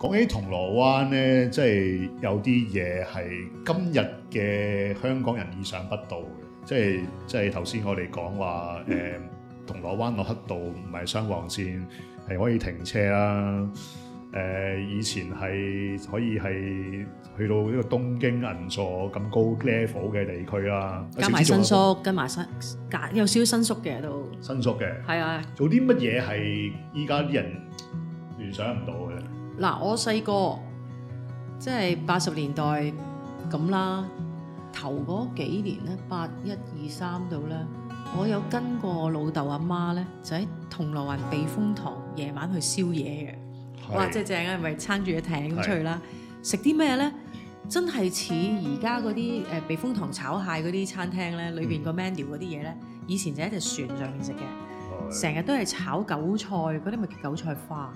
講起銅鑼灣咧，即係有啲嘢係今日嘅香港人意想不到嘅，即係即係頭先我哋講話誒銅鑼灣落黑道唔係雙黃線，係可以停車啦。誒以前係可以係去到一個東京銀座咁高 level 嘅地區啦，加埋新宿，跟埋新，有少少新宿嘅都新宿嘅，係啊，做啲乜嘢係依家啲人聯想唔到嘅？嗱，我細個即係八十年代咁啦，頭嗰幾年咧，八一二三度咧，我有跟過老豆阿媽咧，就喺銅鑼灣避風塘夜晚去宵夜嘅，哇！即係正啊，係咪、就是、撐住個艇咁出去啦，食啲咩咧？真係似而家嗰啲誒避風塘炒蟹嗰啲餐廳咧，裏邊個 menu 嗰啲嘢咧，以前就喺隻船上面食嘅，成日都係炒韭菜，嗰啲咪叫韭菜花。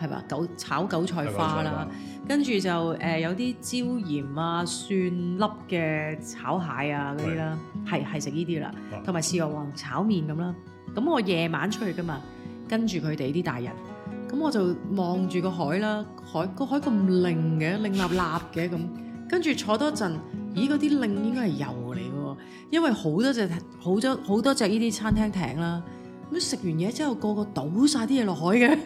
係嘛？韭炒韭菜花啦，是菜花跟住就誒、呃、有啲椒鹽啊、蒜粒嘅炒蟹啊嗰啲啦，係係食呢啲啦，同埋豉油王炒麵咁啦。咁我夜晚出去噶嘛，跟住佢哋啲大人，咁我就望住個海啦，海個海咁靚嘅，靚立立嘅咁，跟住坐多陣，咦嗰啲靚應該係油嚟嘅，因為好多隻好多好多隻呢啲餐廳艇啦。乜食完嘢之後個個倒晒啲嘢落海嘅，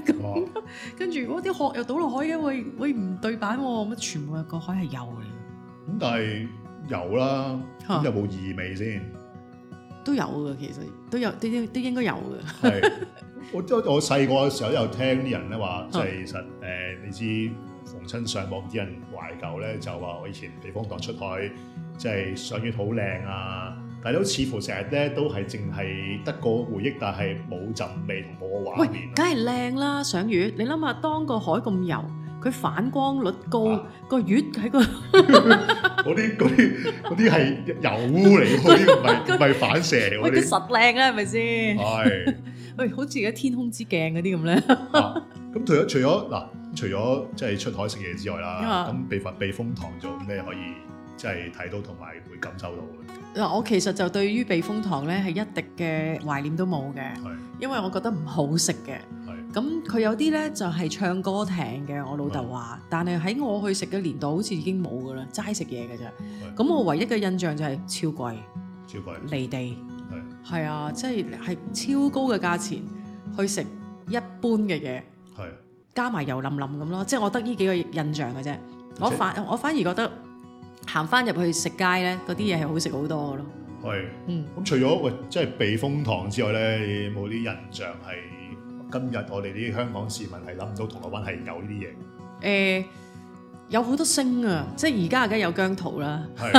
跟住我啲殼又倒落海嘅，喂喂唔對版喎，乜全部個海係有嘅。咁但係有啦，啊、有冇異味先？都有嘅，其實都有啲都，都應該有嘅。係，我都我細個嘅時候又聽啲人咧話，即係其實誒你知逢親上網啲人懷舊咧，就話我以前避風塘出海即係、就是、上月好靚啊。但係你都似乎成日咧都係淨係得個回憶，但係冇陣味同冇個畫面。喂，梗係靚啦！賞月，你諗下，當個海咁油，佢反光率高，個月喺個。嗰啲嗰啲嗰啲係油污嚟嘅，唔係唔係反射。喂，實靚啦，係咪先？係。喂，好似而家天空之鏡嗰啲咁咧。咁除咗除咗嗱，除咗即係出海食嘢之外啦，咁避佛避風塘做咩可以即係睇到同埋會感受到？.嗱，我其實就對於避風塘咧，係一滴嘅懷念都冇嘅，因為我覺得唔好食嘅。咁佢有啲咧就係、是、唱歌艇嘅，我老豆話，但係喺我去食嘅年代，好似已經冇噶啦，齋食嘢嘅啫。咁我唯一嘅印象就係超貴，超貴，離地，係啊，即係係超高嘅價錢去食一般嘅嘢，係加埋油淋淋咁咯。即、就、係、是、我得呢幾個印象嘅啫。我反我反，我反而覺得。行翻入去食街咧，嗰啲嘢係好食好多嘅咯。係，嗯，咁除咗喂，即係避風塘之外咧，你有冇啲印象係今日我哋啲香港市民係諗到銅鑼灣係有呢啲嘢？誒，有好多星啊！即係而家梗係有姜濤啦。係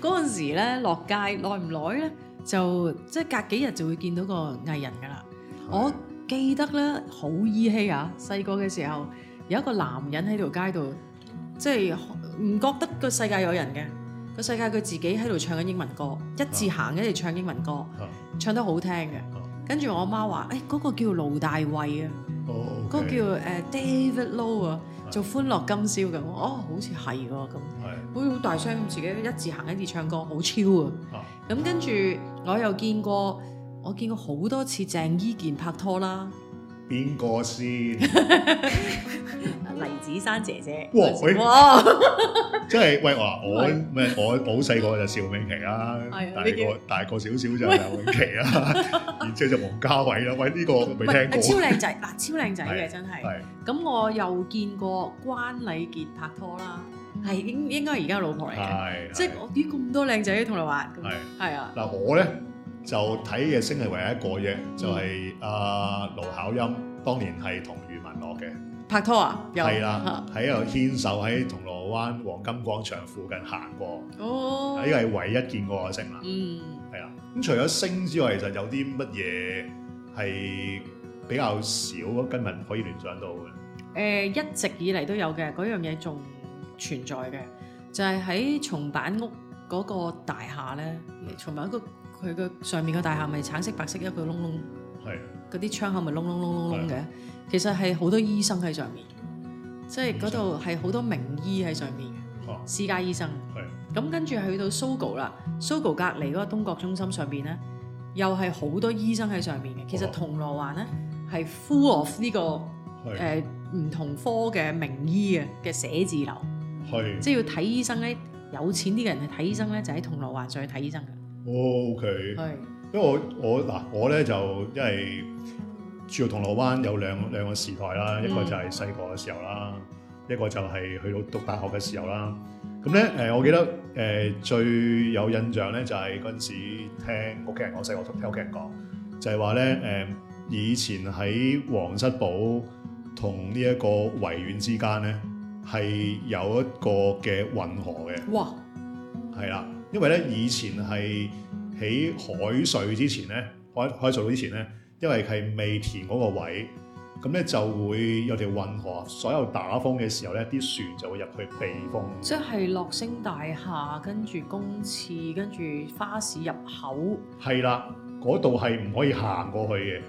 嗰陣時咧，落街耐唔耐咧，就即係隔幾日就會見到個藝人噶啦。我記得咧，好依稀啊，細個嘅時候有一個男人喺條街度，即係。唔覺得個世界有人嘅，個世界佢自己喺度唱緊英文歌，一字行一度唱英文歌，啊、唱得好聽嘅。跟、啊、住我媽話：誒、欸、嗰、那個叫盧大衛啊，嗰、哦 okay，個叫誒、uh, David Low 啊，做歡樂今宵嘅。哦好似係喎，咁，好像是、啊、是的好大聲、啊，自己一字行一啲唱歌，好超啊。咁跟住我又見過，我見過好多次鄭伊健拍拖啦。邊個先？黎子珊姐姐。哇喂！即係喂我啊，我咩我保細個就邵美琪啦，大個大個少少就梁詠琪啦，然之後就黃家偉啦。喂呢個未聽過。超靚仔嗱，超靚仔嘅真係。咁我又見過關禮傑拍拖啦，係應應該係而家老婆嚟嘅。即係我點咁多靚仔同你玩？係係啊。嗱我咧。就睇嘅星係唯一一個嘅，就係阿盧巧音，當年係同余文樂嘅拍拖啊，係啦，喺度牽手喺銅鑼灣黃金廣場附近行過。哦，呢個係唯一見過嘅星啦。嗯，係啦。咁除咗星之外，就有啲乜嘢係比較少今日可以聯想到嘅？誒，一直以嚟都有嘅，嗰樣嘢仲存在嘅，就係喺松坂屋嗰個大廈咧，同埋一個。佢個上面個大廈咪橙色白色一個窿窿，係啊啲窗口咪窿窿窿窿窿嘅，其實係好多醫生喺上面，即係度係好多名醫喺上面嘅、啊，私家醫生。係咁跟住去到 Sogo 啦，Sogo 隔離個東角中心上邊咧，又係好多醫生喺上面嘅、啊。其實銅鑼灣咧係 full of 呢個誒呃、唔同科嘅名醫嘅嘅寫字樓係、嗯、即係要睇醫生咧，有錢啲嘅人去睇醫生咧，就喺銅鑼灣上去睇醫生。O、okay, K，因為我我嗱我咧就因為住喺銅鑼灣有兩兩個時代啦、嗯，一個就係細個嘅時候啦，一個就係去到讀大學嘅時候啦。咁咧誒，我記得誒、呃、最有印象咧就係嗰陣時聽屋企人，我細個聽屋企人講，就係話咧誒以前喺皇室堡同呢一個維園之間咧係有一個嘅運河嘅，哇，係啦。因為咧，以前係喺海水之前咧，海，海水之前咧，因為係未填嗰個位置，咁咧就會有條運河。所有打風嘅時候咧，啲船就會入去避風。即係樂星大廈，跟住公廁，跟住花市入口。係啦，嗰度係唔可以行過去嘅。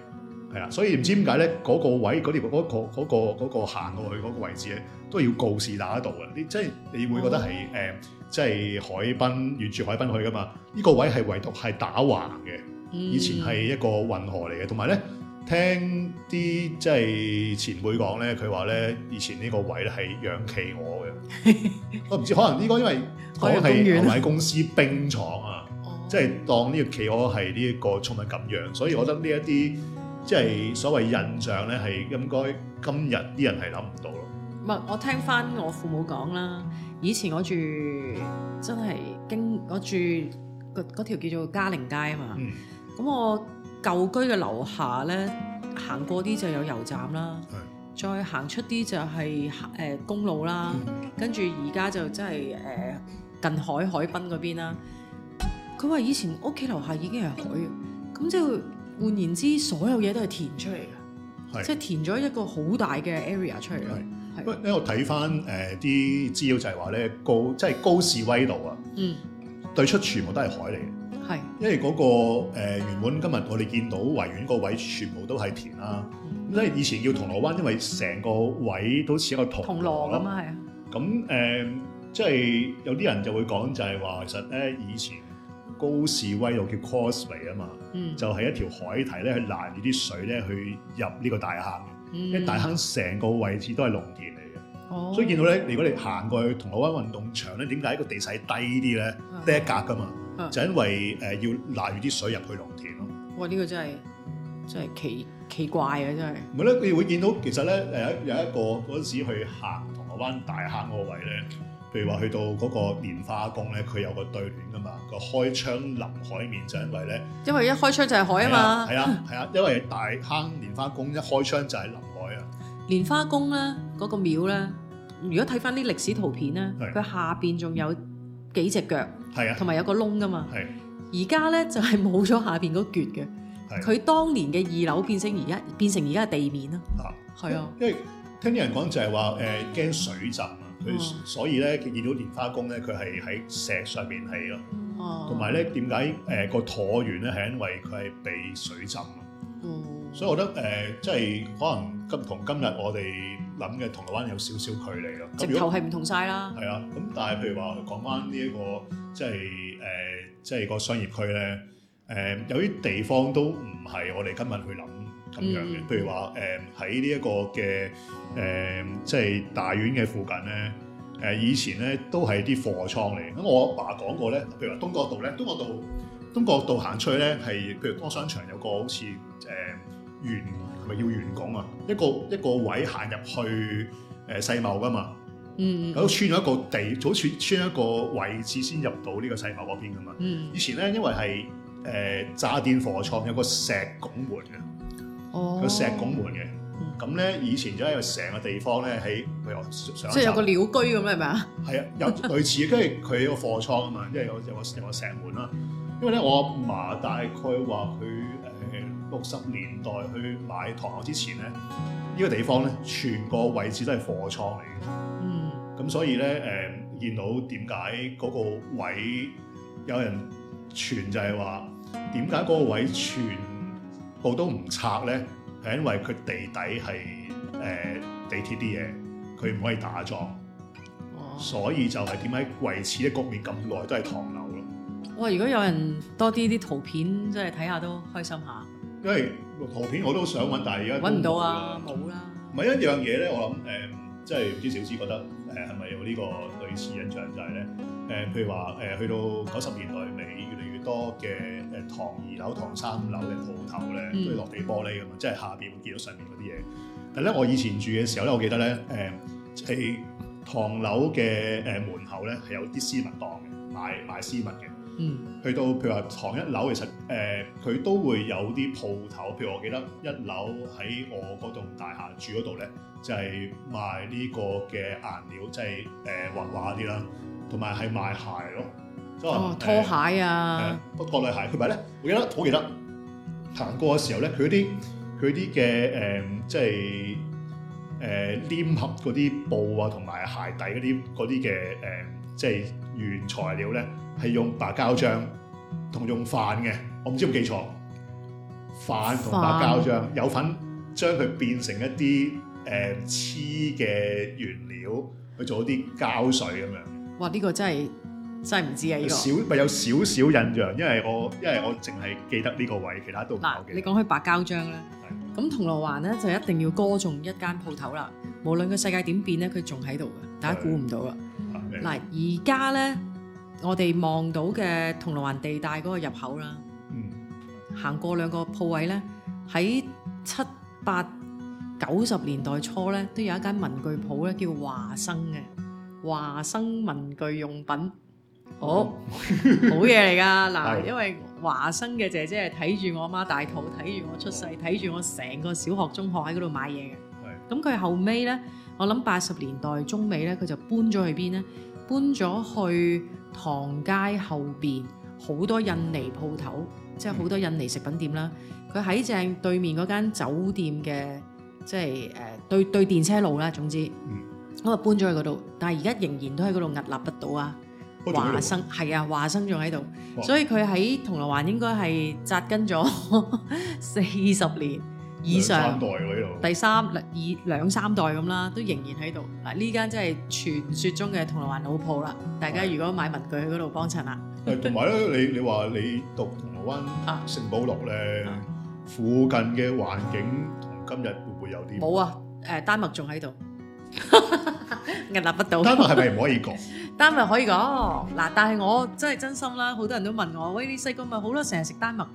係啊，所以唔知點解咧，嗰個位嗰條嗰個行過去嗰個位置咧，都要告示打得到嘅。你即係你會覺得係誒，即、哦、係、嗯就是、海濱沿住海濱去嘅嘛？呢、這個位係唯獨係打橫嘅，以前係一個運河嚟嘅。同埋咧，聽啲即係前輩講咧，佢話咧，以前呢個位咧係養企鵝嘅。 我唔知，可能呢個因為我係我喺公，公司冰廠啊，哦、即係當呢個企鵝係呢一個寵物噉樣，所以我覺得呢一啲。即係所謂印象咧，係應該今日啲人係諗唔到咯。唔係，我聽翻我父母講啦。以前我住真係經我住嗰條叫做嘉寧街啊嘛。咁、嗯、我舊居嘅樓下咧，行過啲就有油站啦。再行出啲就係、是、誒、呃、公路啦。跟住而家就真係誒、呃、近海海濱嗰邊啦。佢話以前屋企樓下已經係海，咁即係。換言之，所有嘢都係填出嚟嘅，即係填咗一個好大嘅 area 出嚟。係，因為我睇翻誒啲資料就係話咧，就係、高即係高士威道啊，嗯，對出全部都係海嚟嘅，係，因為嗰、嗰個、呃、原本今日我哋見到維園嗰位置全部都係填啦，咁因為以前叫銅鑼灣，嗯、因為成個位置都似一個銅鑼銅鑼咁啊，係啊，咁誒，即、呃、係、就係、有啲人就會講就係話其實咧以前。高士威路叫 Causeway 啊嘛，嗯、就係、是、一條海堤咧，去攔住啲水咧去入呢個大坑嘅、嗯。因為大坑成個位置都係農田嚟嘅、哦，所以見到咧，如果你行過去銅鑼灣運動場咧，點解個地勢低啲咧？低一格噶嘛，嗯嗯、就是、因為誒要攔住啲水入去農田咯。哇！呢、這個真係真係奇奇怪啊，真係。唔係咧，你會見到其實咧，有有一個嗰陣時去行銅鑼灣大坑嗰個位咧。譬如話去到嗰個蓮花宮咧，佢有個對聯噶嘛，個開窗臨海面就因為咧，因為一開窗就係海啊嘛。係啊係啊，啊，啊，因為大坑蓮花宮一開窗就係臨海啊。蓮花宮咧嗰、嗰個廟咧，如果睇翻啲歷史圖片咧，佢、啊、下邊仲有幾隻腳，係啊，同埋有個窿噶嘛。係、啊，而家咧就係冇咗下邊嗰撅嘅，佢、啊、當年嘅二樓變成而家變成而家嘅地面啊。嚇，係啊，因為聽啲人講就係話誒驚水浸。所以咧，見到蓮花宮咧，佢係喺石上面起咯，同埋咧點解誒個橢圓咧，係因為佢係被水浸咯。所以，我覺得誒，即係可能今同今日我哋諗嘅銅鑼灣有少少距離咯。直頭係唔同晒啦。係啊，咁但係譬如話，講返呢一個即係誒，即係個商業區咧，誒有啲地方都唔係我哋今日去諗咁樣嘅。譬如話誒，喺呢一個嘅誒，即係大院嘅附近咧。誒以前咧都係啲貨倉嚟，咁我阿爸講過咧，譬如話東角道咧，東角道東角道行出去咧係，譬如當商場有個好似誒圓，係咪叫圓拱啊？一個一個位行入去誒世貿噶嘛，嗯，咁穿咗一個地，好似穿咗一個位置先入到呢個世貿嗰邊噶嘛，嗯，以前咧因為係誒渣甸貨倉有個石拱門嘅，哦，個石拱門嘅。哦。咁咧，以前就喺成個地方咧，喺譬如上一集即係有個鳥居咁，係咪啊？係啊，有類似，因為佢個貨倉啊嘛，嘛，因為有有個有個石門啦。因為咧，我阿嫲大概話佢誒六十年代去買塘口之前咧，呢、呢個地方咧全個位置都係貨倉嚟嘅。嗯，咁所以咧誒，見、呃、到點解嗰個位有人傳，就係話點解嗰個位全部都唔拆咧？係因為佢地底係誒地鐵啲嘢，佢唔可以打樁，所以就係點解維持啲局面咁耐都係唐樓咯。哇！如果有人多啲啲圖片，即係睇下都開心下。因為圖片我都想揾，但係而家揾唔到啊，冇啦。唔係一樣嘢咧，我諗誒，即係唔知小芝覺得誒係咪有呢個類似的印象就係咧誒，譬如話誒、嗯、去到九十年代尾。多嘅誒唐二樓、唐三樓嘅鋪頭咧，都係落地玻璃㗎嘛、嗯，即係下邊會見到上面嗰啲嘢。但係咧，我以前住嘅時候咧，我記得咧誒係唐樓嘅誒門口咧係有啲絲襪檔嘅，賣賣絲襪嘅。嗯，去到譬如話唐一樓，其實誒佢、呃、都會有啲鋪頭，譬如我記得一樓喺我嗰棟大廈住嗰度咧，就係、是、賣呢個嘅顏料，即係誒畫畫啲啦，同埋係賣鞋咯。哦，拖鞋啊！不過各類鞋，佢咪咧？我記得，好記得。行過嘅時候咧，佢啲佢啲嘅誒，即係誒、呃、黏合嗰啲布啊，同埋鞋底嗰啲啲嘅誒，即係原材料咧，係用白膠漿同用飯嘅。我唔知道我記錯，飯同白膠漿有份將佢變成一啲誒黐嘅原料去做一啲膠水咁樣。哇！呢、呢個真係～真係唔知啊！呢個少咪有少少印象，因為我因為我淨係記得呢個位，其他都唔記。嗱，你講開白膠漿咧，咁銅鑼灣咧就一定要歌頌一間鋪頭啦。無論個世界點變咧，佢仲喺度嘅，大家估唔到啦。嗱，而家咧我哋望到嘅銅鑼灣地帶嗰個入口啦，行過兩個鋪位咧，喺七八九十年代初咧，都有一間文具鋪咧叫華生嘅華生文具用品。哦， 好嘢嚟㗎嗱，因為華生嘅姐姐係睇住我媽大肚，睇住我出世，睇住我成個小學、中學喺嗰度買嘢嘅。咁佢後尾呢，我諗八十年代中尾呢，佢就搬咗去邊呢？搬咗去唐街後邊好多印尼鋪頭、嗯，即係好多印尼食品店啦。佢喺正對面嗰間酒店嘅，即係誒、呃、對對電車路啦。總之，咁、嗯、啊搬咗去嗰度，但係而家仍然都喺嗰度屹立不倒啊！華生係啊，華生仲喺度，所以佢喺銅鑼灣應該係紮根咗四十年以上，第三代咯呢度，第三以兩三代咁啦，都仍然喺度。嗱呢間真係傳說中嘅銅鑼灣老鋪啦，大家如果買文具去嗰度幫襯下。誒，同埋咧，你你話你讀銅鑼灣聖保祿咧，附近嘅環境同今日會唔會有啲冇啊？誒，丹麥仲喺度，屹立不倒。丹麥係咪唔可以講？丹麥可以講，嗱、哦，但係我真係真心啦，好多人都問我，喂，啲細個咪好多成日食丹麥，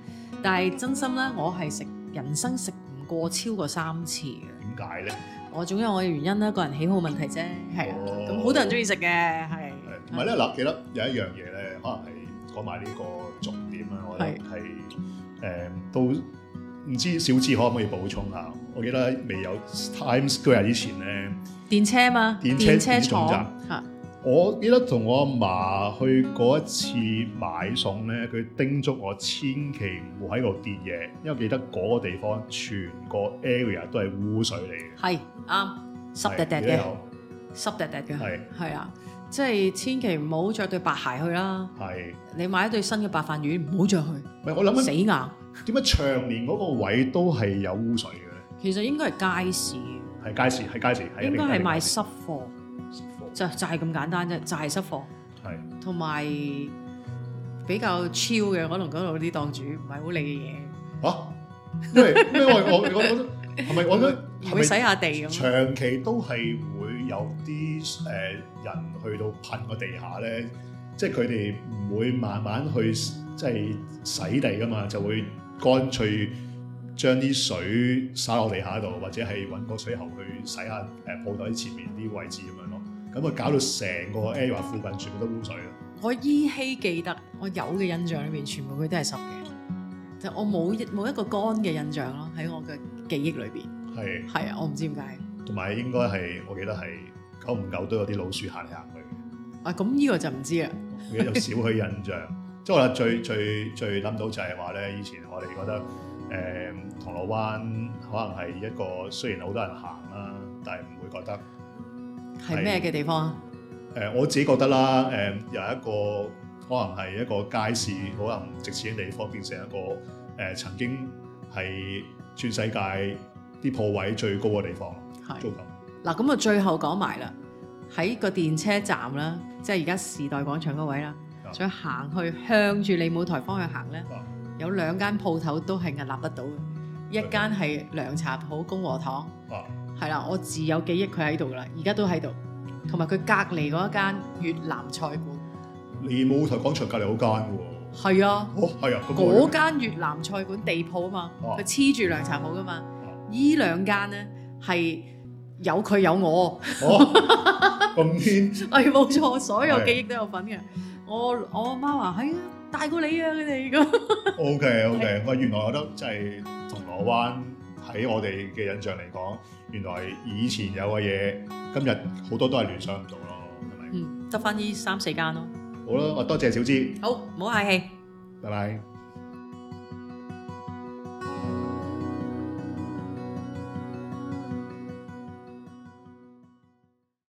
但係真心啦，我係食人生食唔過超過三次嘅。點解咧？我總有我嘅原因啦，個人喜好問題啫，係、哦，咁好多人中意食嘅，係。係。唔係咧，嗱、啊，記得有一樣嘢咧，可能係講埋呢個重點啦，我哋係誒都唔知小芝可唔可以補充下？我記得未有 Times Square 之前咧，電車嘛，電車廠。我記得同我阿嫲去嗰一次買餸咧，佢叮囑我千祈唔好喺度跌嘢，因為記得嗰個地方全個 area 都係污水嚟嘅。係啱，濕嗒嗒嘅，濕嗒嗒嘅，係係啊，即係、就是、千祈唔好着對白鞋去啦。係，你買一對新嘅白飯魚，唔好着去。唔係，我諗死硬。點解長年嗰個位都係有污水嘅咧？其實應該係街，街市，係街市，係街市，應該係賣濕貨。就就係咁簡單啫，就係、是、濕貨，同埋比較超嘅，可能嗰度啲檔主唔係好理嘅嘢。嚇、啊，因為因為 我我覺得係咪我覺得唔 會洗下地咁樣。是是長期都係會有啲誒、呃、人去到噴個地下咧，即係佢哋唔會慢慢去即係洗地噶嘛，就會乾脆將啲水灑落地下度，或者係揾個水喉去洗下誒鋪台前面啲位置咁樣咯。咁啊，搞到成個 area 附近全部都污水咯！我依稀記得，我有嘅印象裏面，全部佢都係濕嘅，但係我冇冇一個乾嘅印象咯，喺我嘅記憶裏邊。係係啊，我唔知點解。同埋應該係，我記得係久唔久都有啲老鼠行嚟行去。啊，咁呢個就唔知啊！有少許印象。即係我最最最諗到就係話咧，以前我哋覺得誒銅鑼灣可能係一個雖然好多人行啦，但係唔會覺得。係咩嘅地方啊？誒、呃，我自己覺得啦，誒、呃，有一個可能係一個街市，可能唔值錢嘅地方，變成一個誒、呃、曾經係全世界啲鋪位最高嘅地方，租金。嗱，咁啊，就最後講埋啦，喺個電車站啦，即係而家時代廣場嗰位啦，想行去向住利舞臺方向行咧，有兩間鋪頭都係屹立得到嘅，一間係涼茶鋪公和堂。係啦，我自有記憶在這裡，佢喺度噶啦，而家都喺度，同埋佢隔離嗰一間越南菜館，利舞台廣場隔離嗰間喎。係啊，哦，係啊，嗰間越南菜館地鋪啊嘛，佢黐住涼茶鋪噶嘛，依、啊、兩間咧係有佢有我，咁偏係冇錯，所有記憶都有份嘅。我我阿媽話係啊，大、哎、過你啊，佢哋咁。O K O K，喂，原來我覺得即係銅鑼灣喺我哋嘅印象嚟講。原來以前有嘅嘢，今日好多都係聯想唔到咯，係咪？嗯，得返呢三四間咯。好啦，我多謝小芝。好，唔好客氣。拜拜。